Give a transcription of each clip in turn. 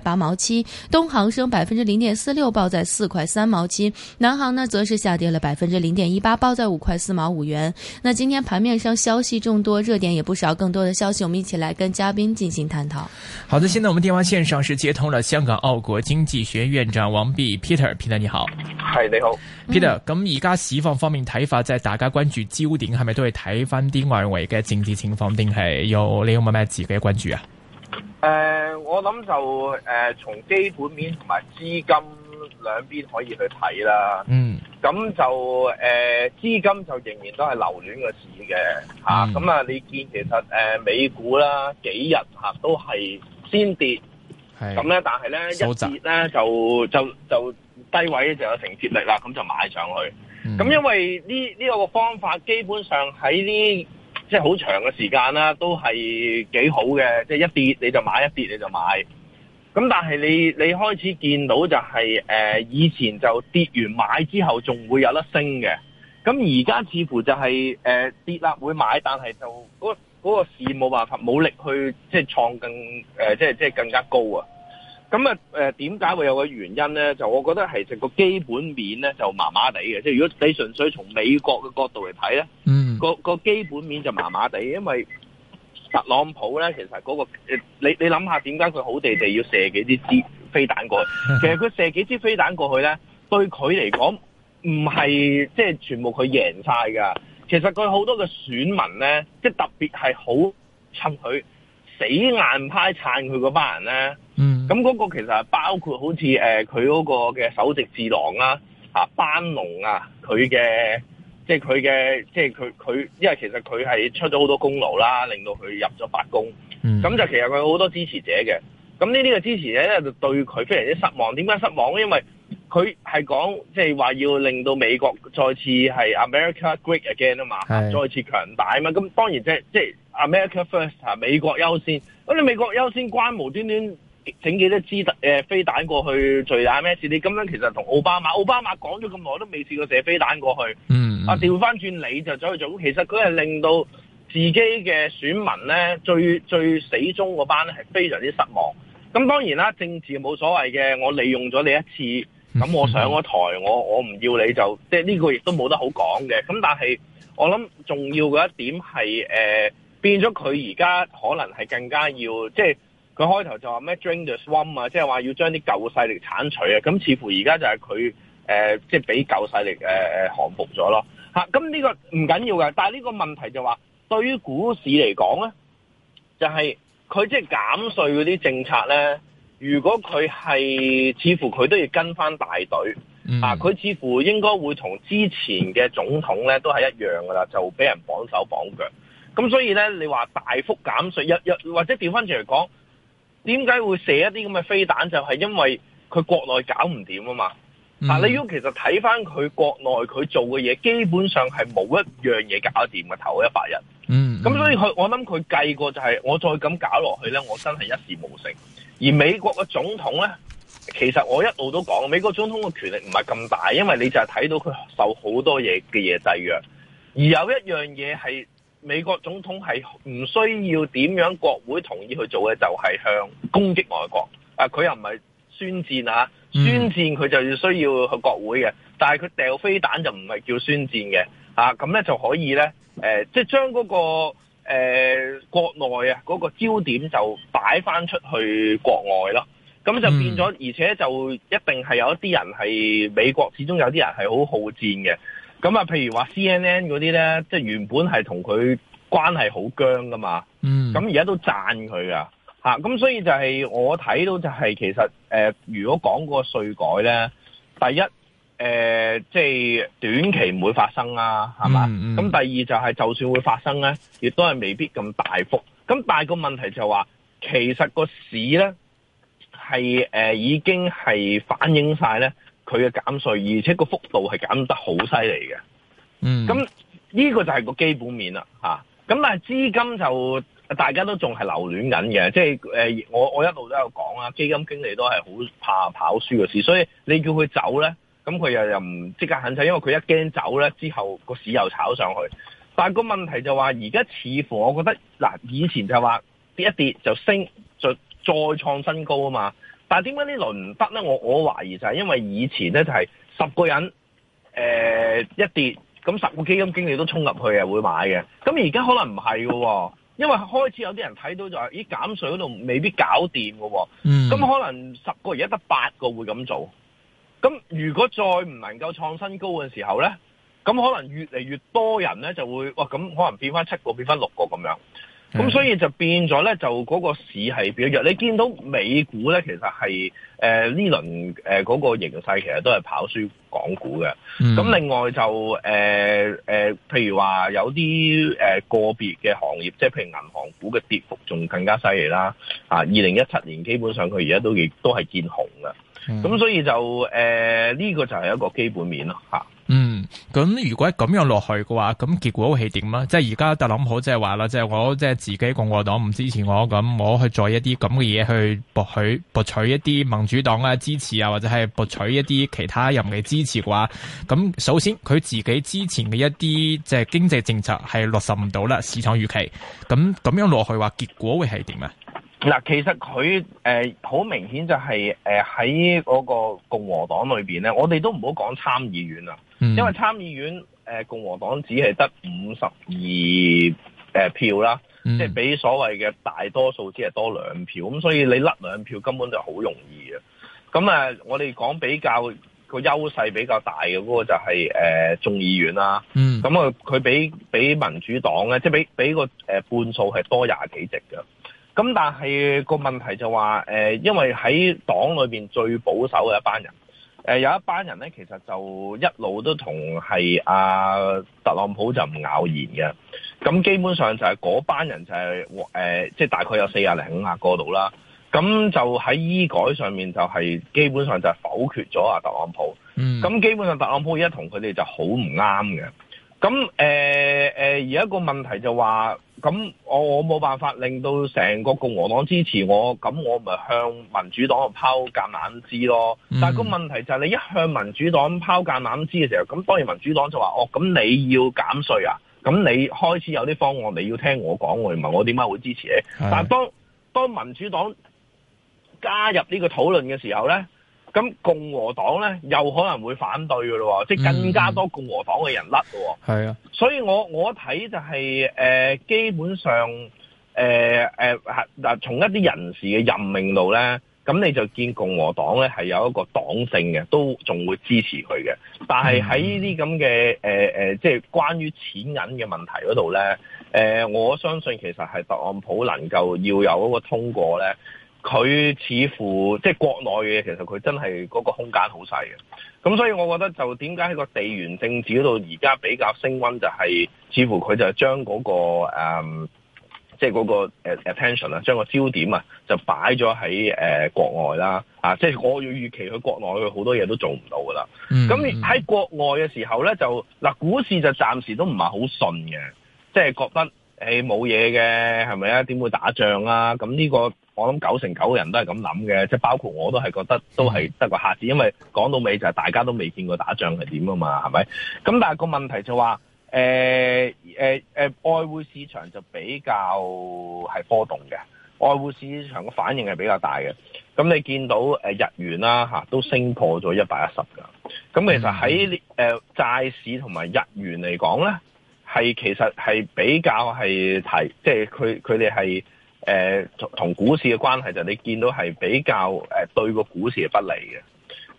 八毛七，東航升百分之零點四六，報在四塊三毛七。南航呢，則是下跌了百分之零點一八，報在五塊四毛五元。那今天盤面上消息眾多，熱點也不少。更多的消息，我們一起來跟嘉賓進行探討。好的，現在我們電話線上是接通了香港澳國經濟學院院長王弼 Peter，Peter Peter, 你好，係你好，Peter，嗯。咁而家市況方面睇法在，在大家關注焦點係咪都係睇翻啲外圍嘅政治情況，定係有你有冇咩自己嘅關注啊？誒、呃，我諗就誒，從、呃、基本面同埋資金兩邊可以去睇啦。嗯。咁就誒，資、呃、金就仍然都係留戀個市嘅吓。咁、嗯、啊，你見其實誒、呃，美股啦，幾日吓、啊、都係先跌，係。咁咧，但係咧，一跌咧就就就低位就有承接力啦，咁就買上去。咁、嗯、因為呢呢、個個方法基本上喺呢。即係好長嘅時間啦，都係幾好嘅。即係一跌你就買，一跌你就買。咁但係你你開始見到就係、是、誒、呃、以前就跌完買之後仲會有得升嘅。咁而家似乎就係、是、誒、呃、跌啦會買，但係就嗰、那個市冇辦法冇力去即係創更、呃、即係即係更加高啊。咁啊誒點解會有個原因咧？就我覺得係成個基本面咧就麻麻地嘅。即係如果你純粹從美國嘅角度嚟睇咧，嗯。個個基本面就麻麻地，因為特朗普咧，其實嗰個誒，你你諗下點解佢好地地要射幾支飛彈過去？其實佢射幾支飛彈過去咧，對佢嚟講唔係即係全部佢贏曬㗎。其實佢好多嘅選民咧，即係特別係好撐佢死硬派撐佢嗰班人咧。嗯，咁嗰個其實係包括好似佢嗰個嘅首席智囊啦，啊班農啊，佢嘅。即係佢嘅，即係佢佢，因為其實佢係出咗好多功勞啦，令到佢入咗白宮。咁、嗯、就其實佢有好多支持者嘅。咁呢啲嘅支持者咧就對佢非常之失望。點解失望呢？因為佢係講即係話要令到美國再次係 America Great Again 啊嘛，再次強大啊嘛。咁當然、就是、即係即係 America First 美國優先。咁你美國優先關無端端整幾多支誒飛彈過去敍利亞咩事？你咁樣其實同奧巴馬，奧巴馬講咗咁耐都未試過射飛彈過去。嗯我調翻轉你就走去做，其實佢係令到自己嘅選民咧，最最死忠嗰班咧，係非常之失望。咁當然啦，政治冇所謂嘅，我利用咗你一次，咁我上咗台，我我唔要你就，即係呢個亦都冇得好講嘅。咁但係我諗重要嘅一點係，誒、呃、變咗佢而家可能係更加要，即係佢開頭就話咩 Drain the Swamp 啊，即係話要將啲舊勢力剷除啊。咁似乎而家就係佢。誒、呃，即係俾舊勢力誒誒降服咗咯，吓，咁呢個唔緊要㗎，但係呢個問題就話、是、對於股市嚟講咧，就係、是、佢即係減稅嗰啲政策咧，如果佢係似乎佢都要跟翻大隊，啊，佢似乎應該會同之前嘅總統咧都係一樣噶啦，就俾人綁手綁腳，咁、啊、所以咧你話大幅減稅，一一或者調翻轉嚟講，點解會射一啲咁嘅飛彈？就係、是、因為佢國內搞唔掂啊嘛。嗯、但你要其實睇翻佢國內佢做嘅嘢，基本上係冇一樣嘢搞掂嘅，頭一百日。嗯，咁、嗯、所以佢我諗佢計過就係、是，我再咁搞落去咧，我真係一事無成。而美國嘅總統咧，其實我一路都講，美國總統嘅權力唔係咁大，因為你就係睇到佢受好多嘢嘅嘢制約。而有一樣嘢係美國總統係唔需要點樣國會同意去做嘅，就係、是、向攻擊外國。啊，佢又唔係宣戰啊！宣戰佢就要需要去國會嘅，但係佢掉飛彈就唔係叫宣戰嘅，啊咁咧就可以咧、呃，即係將嗰、嗰個誒、呃、國內啊嗰個焦點就擺翻出去國外咯，咁就變咗，嗯、而且就一定係有一啲人係美國，始終有啲人係好好戰嘅，咁啊，譬如話 C N N 嗰啲咧，即係原本係同佢關係好僵噶嘛，嗯，咁而家都讚佢噶。咁、啊、所以就係我睇到就係其實誒、呃，如果講個稅改咧，第一誒，即、呃、係、就是、短期唔會發生啦、啊，係嘛？咁、嗯嗯、第二就係就算會發生咧，亦都係未必咁大幅。咁但係個問題就係話、是，其實個市咧係誒已經係反映晒咧佢嘅減稅，而且個幅度係減得好犀利嘅。嗯。咁呢個就係個基本面啦，吓、啊。咁但係資金就。大家都仲係留戀緊嘅，即係、呃、我我一路都有講啊，基金經理都係好怕跑輸嘅事，所以你叫佢走呢，咁佢又又唔即刻肯走，因為佢一驚走呢之後個市又炒上去。但係個問題就話，而家似乎我覺得嗱，以前就話跌一跌就升，就再創新高啊嘛。但係點解呢輪唔得呢？我我懷疑就係因為以前呢就係十個人誒、呃、一跌，咁十個基金經理都衝入去嘅會買嘅，咁而家可能唔係喎。因為開始有啲人睇到就話，咦，減稅嗰度未必搞掂嘅喎，咁、嗯、可能十個而家得八個會咁做，咁如果再唔能夠創新高嘅時候呢，咁可能越嚟越多人呢就會，哇，咁可能變翻七個變翻六個咁樣。咁、嗯、所以就變咗咧，就嗰個市係變弱。你見到美股咧，其實係呢、呃、輪嗰、呃那個嗰個形勢其實都係跑輸港股嘅。咁、嗯、另外就、呃呃、譬如話有啲、呃、個別嘅行業，即係譬如銀行股嘅跌幅仲更加犀利啦。啊，二零一七年基本上佢而家都亦都係見紅嘅。咁、嗯、所以就呢、呃呢個就係一個基本面、啊嗯，咁如果咁樣落去嘅話，咁結果會係點啊？即係而家特朗普即係話啦，即係我即係自己共和黨唔支持我，咁我去做一啲咁嘅嘢去博取博取一啲民主黨啊支持啊，或者係博取一啲其他人嘅支持嘅話，咁首先佢自己之前嘅一啲即係經濟政策係落實唔到啦，市場預期。咁咁樣落去話，結果會係點啊？嗱，其實佢誒好明顯就係誒喺嗰個共和黨裏邊咧，我哋都唔好講參議院啊。因為參議院誒、呃、共和黨只係得五十二誒票啦，嗯、即係比所謂嘅大多數只係多兩票，咁、嗯、所以你甩兩票根本就好容易嘅。咁、嗯、啊，我哋講比較個優勢比較大嘅嗰個就係、是、誒、呃、眾議院啦。咁、嗯、啊，佢、嗯、比比民主黨咧，即係比比個誒、呃、半數係多廿幾席嘅。咁、嗯、但係個問題就話、是、誒、呃，因為喺黨裏邊最保守嘅一班人。誒、呃，有一班人咧，其實就一路都同係阿特朗普就唔咬弦嘅，咁基本上就係嗰班人就係、是、誒，即、呃、係、就是、大概有四十零五十度啦，咁就喺醫改上面就係基本上就係否決咗阿特朗普，咁、嗯、基本上特朗普而家同佢哋就好唔啱嘅，咁誒誒而家一個問題就話、是。咁我我冇辦法令到成個共和黨支持我，咁我咪向民主黨拋橄欖枝咯。但係個問題就係你一向民主黨拋橄欖枝嘅時候，咁當然民主黨就話哦，咁你要減稅啊，咁你開始有啲方案，你要聽我講，我問我點解會支持你？但係當,當民主黨加入呢個討論嘅時候咧。咁共和黨咧又可能會反對喇咯，即係更加多共和黨嘅人甩㗎喎。啊、嗯嗯，所以我我睇就係、係呃、基本上嗱、呃呃，從一啲人士嘅任命度咧，咁你就見共和黨咧係有一個黨性嘅，都仲會支持佢嘅。但係喺呢啲咁嘅即係關於錢銀嘅問題嗰度咧，我相信其實係特朗普能夠要有嗰個通過咧。佢似乎即係國內嘅，其實佢真係嗰個空間好細嘅。咁所以我覺得就點解喺個地緣政治嗰度而家比較升温、就是，就係似乎佢就係將嗰個、嗯、即係嗰個 attention 啊，將個焦點啊，就擺咗喺誒國外啦。啊，即、就、係、是、我要預期佢國內佢好多嘢都做唔到噶啦。咁、嗯、喺、嗯、國外嘅時候咧，就嗱股市就暫時都唔係好順嘅，即、就、係、是、覺得誒冇嘢嘅係咪啊？點、欸、會打仗啊？咁呢、呢個我諗九成九嘅人都係咁諗嘅，即係包括我都係覺得都係得個嚇字，因為講到尾就係大家都未見過打仗係點啊嘛，係咪？咁但係個問題就話誒誒誒外匯市場就比較係波動嘅，外匯市場嘅反應係比較大嘅。咁你見到誒日元啦、啊、都升破咗一百一十㗎。咁其實喺誒、嗯呃、債市同埋日元嚟講咧，係其實係比較係提，即係佢佢哋係。誒、呃，同同股市嘅關係就你見到係比較誒、呃、對個股市係不利嘅。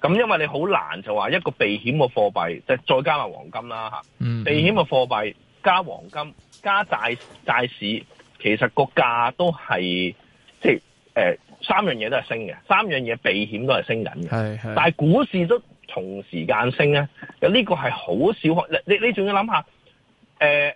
咁因為你好難就話一個避險嘅貨幣，即係再加埋黃金啦吓。嗯，嗯。避險嘅貨幣加黃金加債債市，其實個價都係即係誒三樣嘢都係升嘅，三樣嘢避險都係升緊嘅。係係。但係股市都同時間升咧，呢、這個係好少可。你你你仲要諗下誒喺、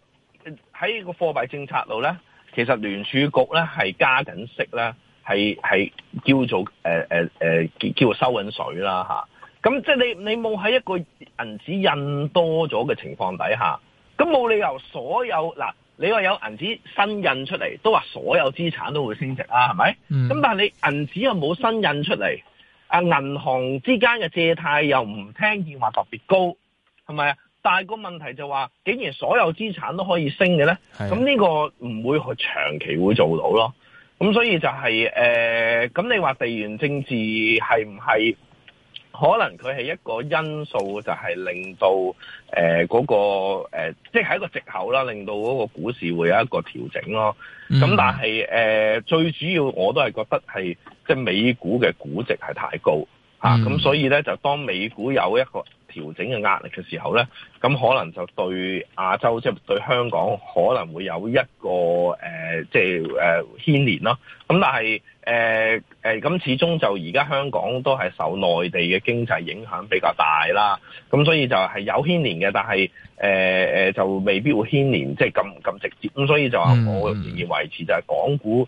呃、個貨幣政策度咧？其實聯儲局咧係加緊息咧，係係叫做誒、呃呃、叫做收緊水啦嚇咁、啊、即係你你冇喺一個銀紙印多咗嘅情況底下，咁冇理由所有嗱、啊、你話有銀紙新印出嚟，都話所有資產都會升值啦，係咪？咁、啊嗯、但係你銀紙又冇新印出嚟，啊銀行之間嘅借貸又唔聽見話特別高，係咪啊？但係個問題就話，竟然所有資產都可以升嘅咧，咁呢個唔會去長期會做到咯。咁所以就係、是、誒、咁、呃、你話地緣政治係唔係可能佢係一個因素，就、呃那個呃，就係、是、令到誒嗰個誒，即係一個借口啦，令到嗰個股市會有一個調整咯。咁、嗯、但係誒、呃，最主要我都係覺得係即係美股嘅估值係太高吓，咁、啊、所以咧就當美股有一個。調整嘅壓力嘅時候咧，咁可能就對亞洲即係、就是、對香港可能會有一個誒，即係誒牽連咯。咁但係誒誒，咁、呃呃、始終就而家香港都係受內地嘅經濟影響比較大啦。咁所以就係有牽連嘅，但係誒誒，就未必會牽連即係咁咁直接。咁所以就話我仍然維持就係港股。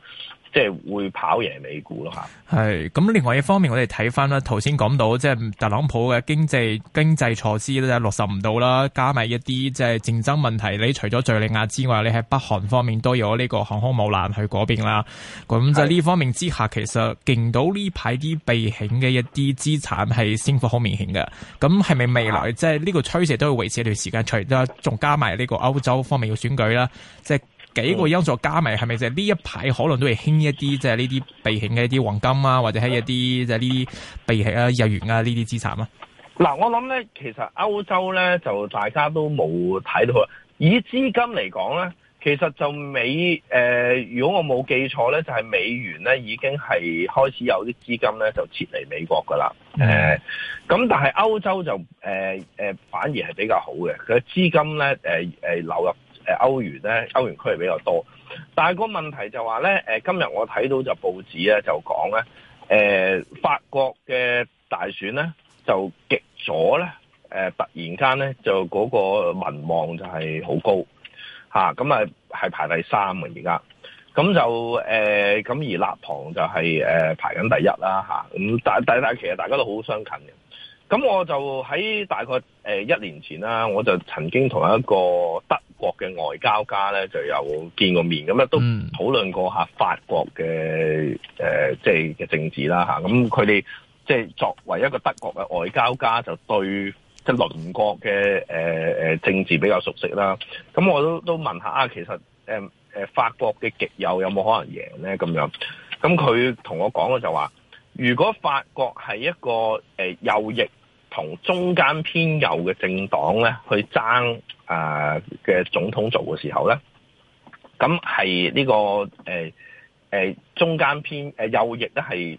即係會跑贏美股咯，吓，係咁另外一方面，我哋睇翻啦，頭先講到即係特朗普嘅經濟經濟措施咧就落實唔到啦，加埋一啲即係戰爭問題，你除咗敘利亞之外，你喺北韓方面都有呢個航空母艦去嗰邊啦。咁就呢方面之下，其實勁到呢排啲避險嘅一啲資產係升幅好明顯嘅。咁係咪未來即係呢個趨勢都要維持一段時間？除咗仲加埋呢個歐洲方面嘅選舉啦，即係。幾個因素加埋，係咪就係呢一排可能都係興一啲，即係呢啲避險嘅一啲黃金啊，或者係一啲即係呢啲避險啊日元啊呢啲資產啊？嗱，我諗咧，其實歐洲咧就大家都冇睇到啊。以資金嚟講咧，其實就美誒、呃，如果我冇記錯咧，就係、是、美元咧已經係開始有啲資金咧就撤離美國噶啦。誒、嗯，咁、呃、但係歐洲就誒誒、呃，反而係比較好嘅，佢資金咧誒誒流入。誒歐元咧，歐元區係比較多，但係個問題就話咧，誒今日我睇到就報紙咧就講咧，誒、呃、法國嘅大選咧就極左咧、呃，突然間咧就嗰個民望就係好高，咁啊係排第三嘅而家，咁就誒咁、呃、而立唐就係、是呃、排緊第一啦咁、啊、但但但其實大家都好相近嘅，咁我就喺大概、呃、一年前啦，我就曾經同一個德國嘅外交家咧，就有見過面，咁咧都討論過下法國嘅誒、呃，即係嘅政治啦吓。咁佢哋即係作為一個德國嘅外交家，就對即係鄰國嘅誒誒政治比較熟悉啦。咁、啊、我都都問下啊，其實誒誒、呃、法國嘅極右有冇可能贏咧？咁樣，咁佢同我講嘅就話，如果法國係一個誒、呃、右翼。同中間偏右嘅政黨咧，去爭啊嘅總統做嘅時候咧，咁係呢個、呃、中間偏右翼咧，係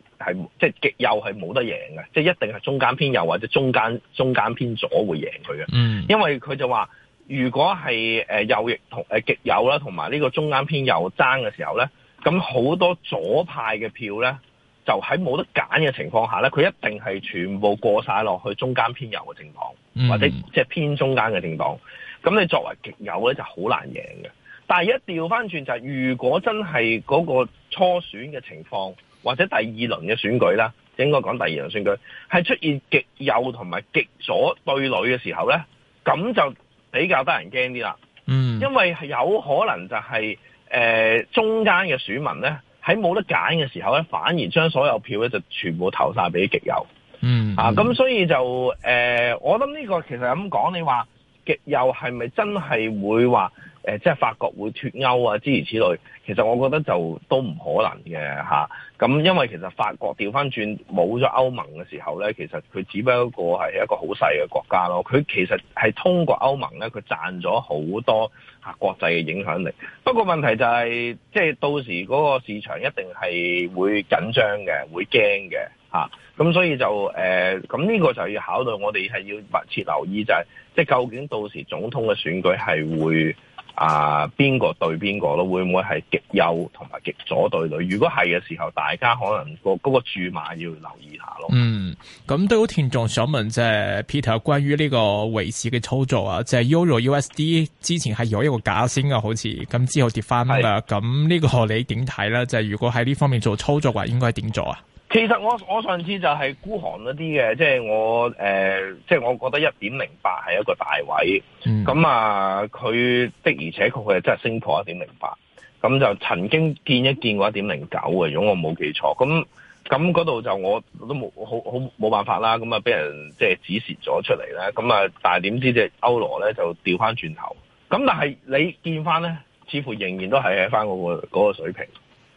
即係極右係冇得贏嘅，即係一定係中間偏右或者中間中間偏左會贏佢嘅。嗯、mm.，因為佢就話，如果係右翼同極右啦，同埋呢個中間偏右爭嘅時候咧，咁好多左派嘅票咧。就喺冇得揀嘅情況下咧，佢一定係全部過晒落去中間偏右嘅政黨，mm-hmm. 或者即係偏中間嘅政黨。咁你作為極右咧，就好難贏嘅。但係一調翻轉就係，是，如果真係嗰個初選嘅情況，或者第二輪嘅選舉啦，應該講第二輪選舉係出現極右同埋極左對壘嘅時候咧，咁就比較得人驚啲啦。嗯、mm-hmm.，因為有可能就係，是呃、中間嘅選民咧。喺冇得揀嘅時候咧，反而將所有票咧就全部投曬俾極右。嗯，嗯啊，咁所以就誒、呃，我諗呢個其實咁講，你話極右係咪真係會話？誒，即係法國會脱歐啊諸如此類，其實我覺得就都唔可能嘅嚇。咁因為其實法國調翻轉冇咗歐盟嘅時候咧，其實佢只不過係一個好細嘅國家咯。佢其實係通過歐盟咧，佢賺咗好多國際嘅影響力。不過問題就係，是，即係到時嗰個市場一定係會緊張嘅，會驚嘅嚇。咁所以就誒，咁、呃、呢個就要考慮，我哋係要密切留意，就是，就係即係究竟到時總統嘅選舉係會。啊、呃，邊個對邊個咯？會唔會係極右同埋極左對壘？如果係嘅時候，大家可能個嗰個注碼要留意下咯。嗯，咁都有聽眾想問即係、就是、Peter 關於呢個位置嘅操作啊，即係 Euro USD 之前係有一個假升嘅，好似咁之後跌翻啦。咁呢個你點睇咧？就係、是、如果喺呢方面做操作嘅話，應該點做啊？其實我我上次就係孤寒一啲嘅，即係我誒，即係我覺得一點零八係一個大位，咁、嗯嗯、啊，佢的而且確佢係真係升破一點零八，咁就曾經見一見過一點零九嘅，如果我冇記錯，咁咁嗰度就我都冇好好冇辦法啦，咁啊俾人即係指示咗出嚟啦咁啊，但係點知隻歐羅咧就調翻轉頭，咁但係你見翻咧，似乎仍然都係喺翻嗰個嗰個水平，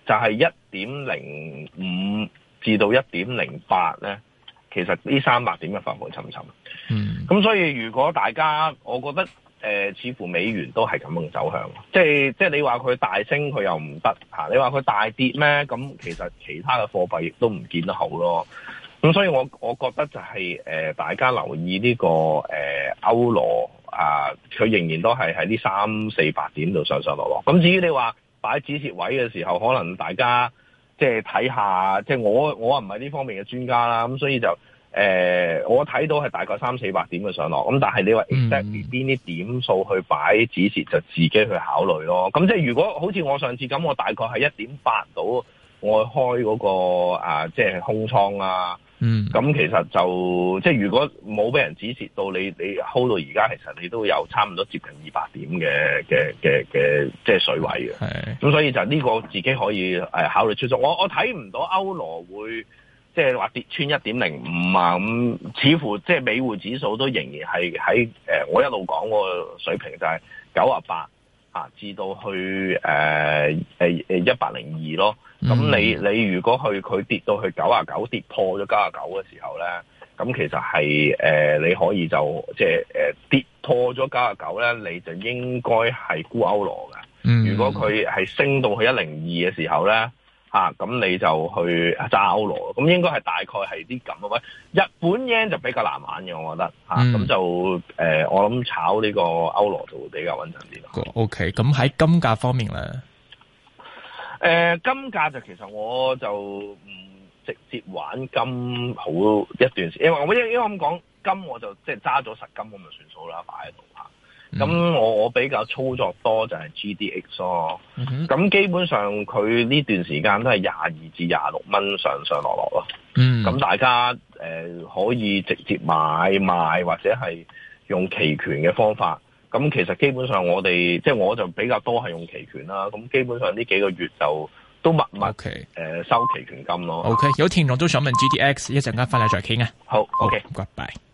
就係一點零五。至到一點零八咧，其實呢三百點嘅浮動沉沉。嗯，咁所以如果大家，我覺得誒、呃，似乎美元都係咁樣走向，即係即係你話佢大升佢又唔得、啊、你話佢大跌咩？咁其實其他嘅貨幣亦都唔見得好咯。咁所以我我覺得就係、是、誒、呃，大家留意呢、這個誒、呃、歐羅啊，佢仍然都係喺呢三四百點度上上落落。咁至於你話擺止蝕位嘅時候，可能大家。即係睇下，即係我，我唔係呢方面嘅專家啦，咁所以就誒、呃，我睇到係大概三四百點嘅上落，咁但係你話 exact 邊啲點數去擺指示，就自己去考慮咯。咁即係如果好似我上次咁，我大概係一點八度，我開嗰個，呃，即係空倉啦。嗯，咁其實就即係如果冇俾人指示到你，你 hold 到而家，其實你都有差唔多接近二百點嘅嘅嘅嘅即係水位嘅。咁所以就呢個自己可以誒考慮出數。我我睇唔到歐羅會即係話跌穿一點零五啊，咁似乎即係美匯指數都仍然係喺誒我一路講個水平，就係九十八。啊，至到去誒誒誒一百零二咯，咁你你如果去佢跌到去九啊九，跌破咗九啊九嘅時候咧，咁其實係誒、呃、你可以就即係誒、呃、跌破咗九啊九咧，你就應該係沽歐羅嘅。嗯。如果佢係升到去一零二嘅時候咧。咁、啊、你就去揸歐羅咁，應該係大概係啲咁嘅位。日本 yen 就比較難玩嘅，我覺得吓咁、嗯啊、就誒、呃，我諗炒呢個歐羅就會比較穩陣啲咯。OK，咁喺金價方面咧，誒、呃，金價就其實我就唔直接玩金好一段時間，因為因因我咁講金，我就即係揸咗實金，咁就算數啦，擺喺度。咁、嗯、我我比較操作多就係 GDX 咯、嗯，咁基本上佢呢段時間都係廿二至廿六蚊上上落落咯。咁、嗯、大家誒、呃、可以直接買賣或者係用期權嘅方法。咁其實基本上我哋即係我就比較多係用期權啦。咁基本上呢幾個月就都密密收期權金咯。Okay. OK，有聽眾都想問 GDX，一陣間翻嚟再傾啊。好，OK，Goodbye。Okay. Oh,